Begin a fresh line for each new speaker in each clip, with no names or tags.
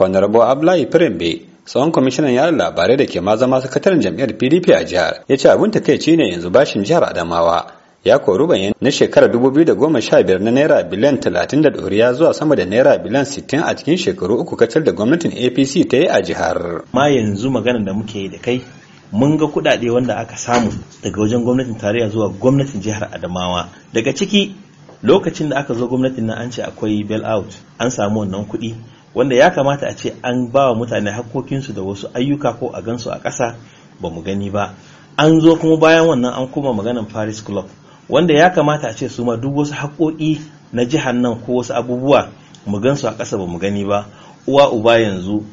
honorable abdullahi firembe tsohon kwamishinan yada labarai da ke ma zama sakataren jam'iyyar pdp a jihar ya ce abin ta takaici ne yanzu bashin jihar adamawa ya kori bayan na shekarar 2015 na naira biliyan talatin da ya zuwa sama da naira biliyan sittin a cikin shekaru uku kacal da gwamnatin apc ta yi a jihar ma yanzu maganar da muke yi da kai mun ga kuɗaɗe
wanda aka samu daga wajen gwamnatin tarayya zuwa gwamnatin jihar adamawa daga ciki lokacin da aka zo gwamnatin nan an ce akwai bail out an samu wannan kuɗi wanda ya kamata a ce an ba wa mutane hakkokinsu da wasu ayyuka ko a gansu a ƙasa ba mu gani ba an zo kuma bayan wannan an koma maganan paris club wanda ya kamata a ce su ma duk wasu haƙoƙi na jihar nan ko wasu abubuwa mu gansu a ƙasa ba mu gani ba uwa uba yanzu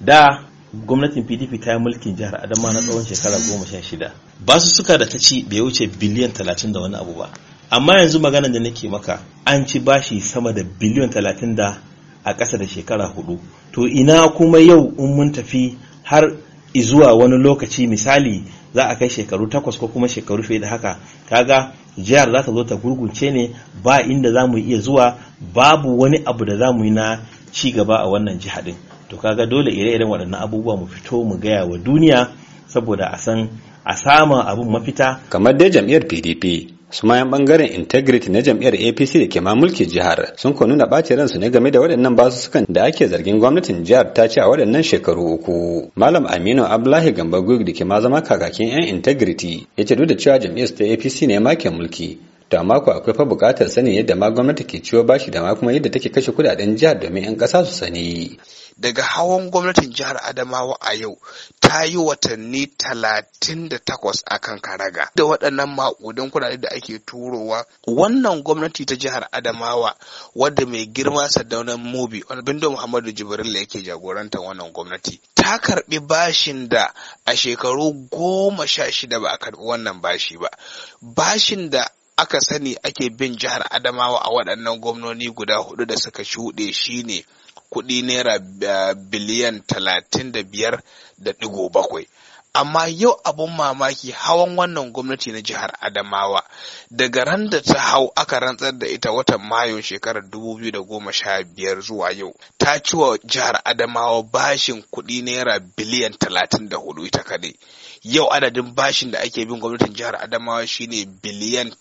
da gwamnatin pdp ta yi mulkin jihar adama na tsawon shekara goma sha shida ba su suka da ta ci bai wuce biliyan talatin da wani abu ba amma yanzu maganan da nake maka an ci bashi sama da biliyan talatin da a ƙasa da shekara hudu to ina kuma yau in mun tafi har zuwa wani lokaci misali za a kai shekaru takwas ko kuma shekaru fiye da haka kaga jihar za ta zo ta gurgunce ne ba inda za mu iya zuwa babu wani abu da za mu yi na ci gaba a wannan jihadin to kaga dole ire-iren waɗannan abubuwa mu fito mu gaya wa duniya saboda a san
a samun abin mafita kamar dai jam'iyyar pdp su mayan bangaren integrity na jam'iyyar apc da ke mulki jihar sun ko nuna ɓace ransu ne game da waɗannan basussukan da ake zargin gwamnatin jihar ta ce a waɗannan shekaru uku malam aminu abdullahi gamba da ke ma zama kakakin yan integrity ya ce duk da cewa jam'iyyar ta apc ne ma ke mulki Da mako akwai fa bukatar sanin yadda ma gwamnati ke ciwo bashi da ma kuma yadda take kashe kudaden jihar domin 'yan ƙasa su sani
daga hawan gwamnatin jihar adamawa a yau ta yi watanni talatin da takwas a kan karaga da waɗannan maƙudan kudade da ake turowa wannan gwamnati ta jihar adamawa wadda mai girma sadaunan mobi bindo muhammadu jibril da yake jagorantar wannan gwamnati ta karɓi bashin da a shekaru goma sha shida ba a karɓi wannan bashi ba bashin da aka sani ake bin jihar Adamawa a waɗannan gwamnoni guda hudu da suka shuɗe shine kuɗi naira eh, biliyan talatin da biyar da ɗigo bakwai. amma yau abun mamaki hawan wannan gwamnati na jihar adamawa daga ran da ta hau aka rantsar da ita watan mayu shekarar 2015 zuwa yau ta ci jihar adamawa bashin kuɗi naira biliyan 34 ita kaɗai, yau adadin bashin da ake bin gwamnatin jihar adamawa shine biliyan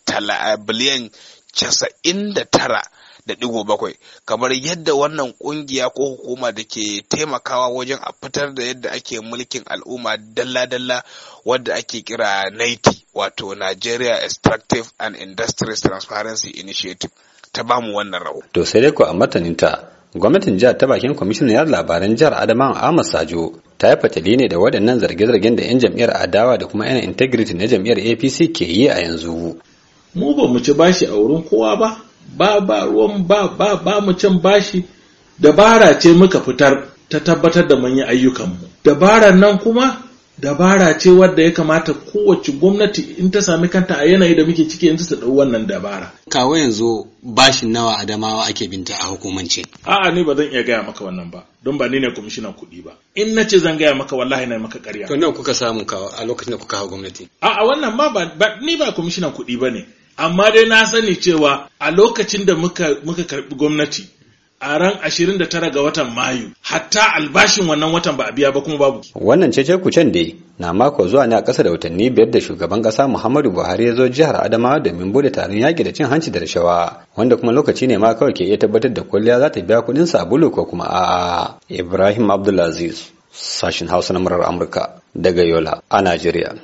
casa'in da tara da digo bakwai kamar yadda wannan kungiya ko hukuma da ke taimakawa wajen a fitar da yadda ake mulkin al'umma dalla-dalla wadda ake kira naiti wato nigeria extractive and industries transparency initiative
ta bamu wannan rawa to sai dai ko a martaninta gwamnatin jihar ta bakin yar labaran jihar adamawa ahmad sajo ta yi fatali ne da waɗannan zarge-zargen da 'yan jam'iyyar adawa da kuma 'yan integrity na jam'iyyar apc ke yi a yanzu mu ba mu ci bashi a wurin kowa
ba ba ba ruwan ba ba ba mu can bashi dabara ce muka fitar ta tabbatar da manyan ayyukanmu dabarar nan kuma dabara ce wadda ya kamata kowace gwamnati in ta sami kanta a yanayi da muke ciki yanzu ta ɗau wannan dabara.
Kawo yanzu
bashin nawa Adamawa ake binta a hukumance. A'a ni ba zan iya gaya maka wannan ba, don ba ni ne kwamishinan kuɗi ba. In na ce zan gaya maka wallahi na maka ƙarya. To nawa kuka samu a lokacin da kuka hau gwamnati? A'a wannan ma ba ni ba kwamishinan kuɗi ba ne. amma dai na sani cewa a lokacin da muka, muka karbi gwamnati a ran 29 ga watan mayu hatta
albashin wannan watan ba a biya ba kuma babu wannan ce kucen dai na mako zuwa ne a ƙasa da watanni biyar da shugaban ƙasa muhammadu buhari ya zo jihar adamawa domin bude taron yaƙi da cin hanci da rashawa wanda kuma lokaci ne ma kawai ke iya tabbatar da kwalliya za ta biya kuɗin sabulu ko kuma a ibrahim abdulaziz Sashen hausa na murar amurka daga yola a najeriya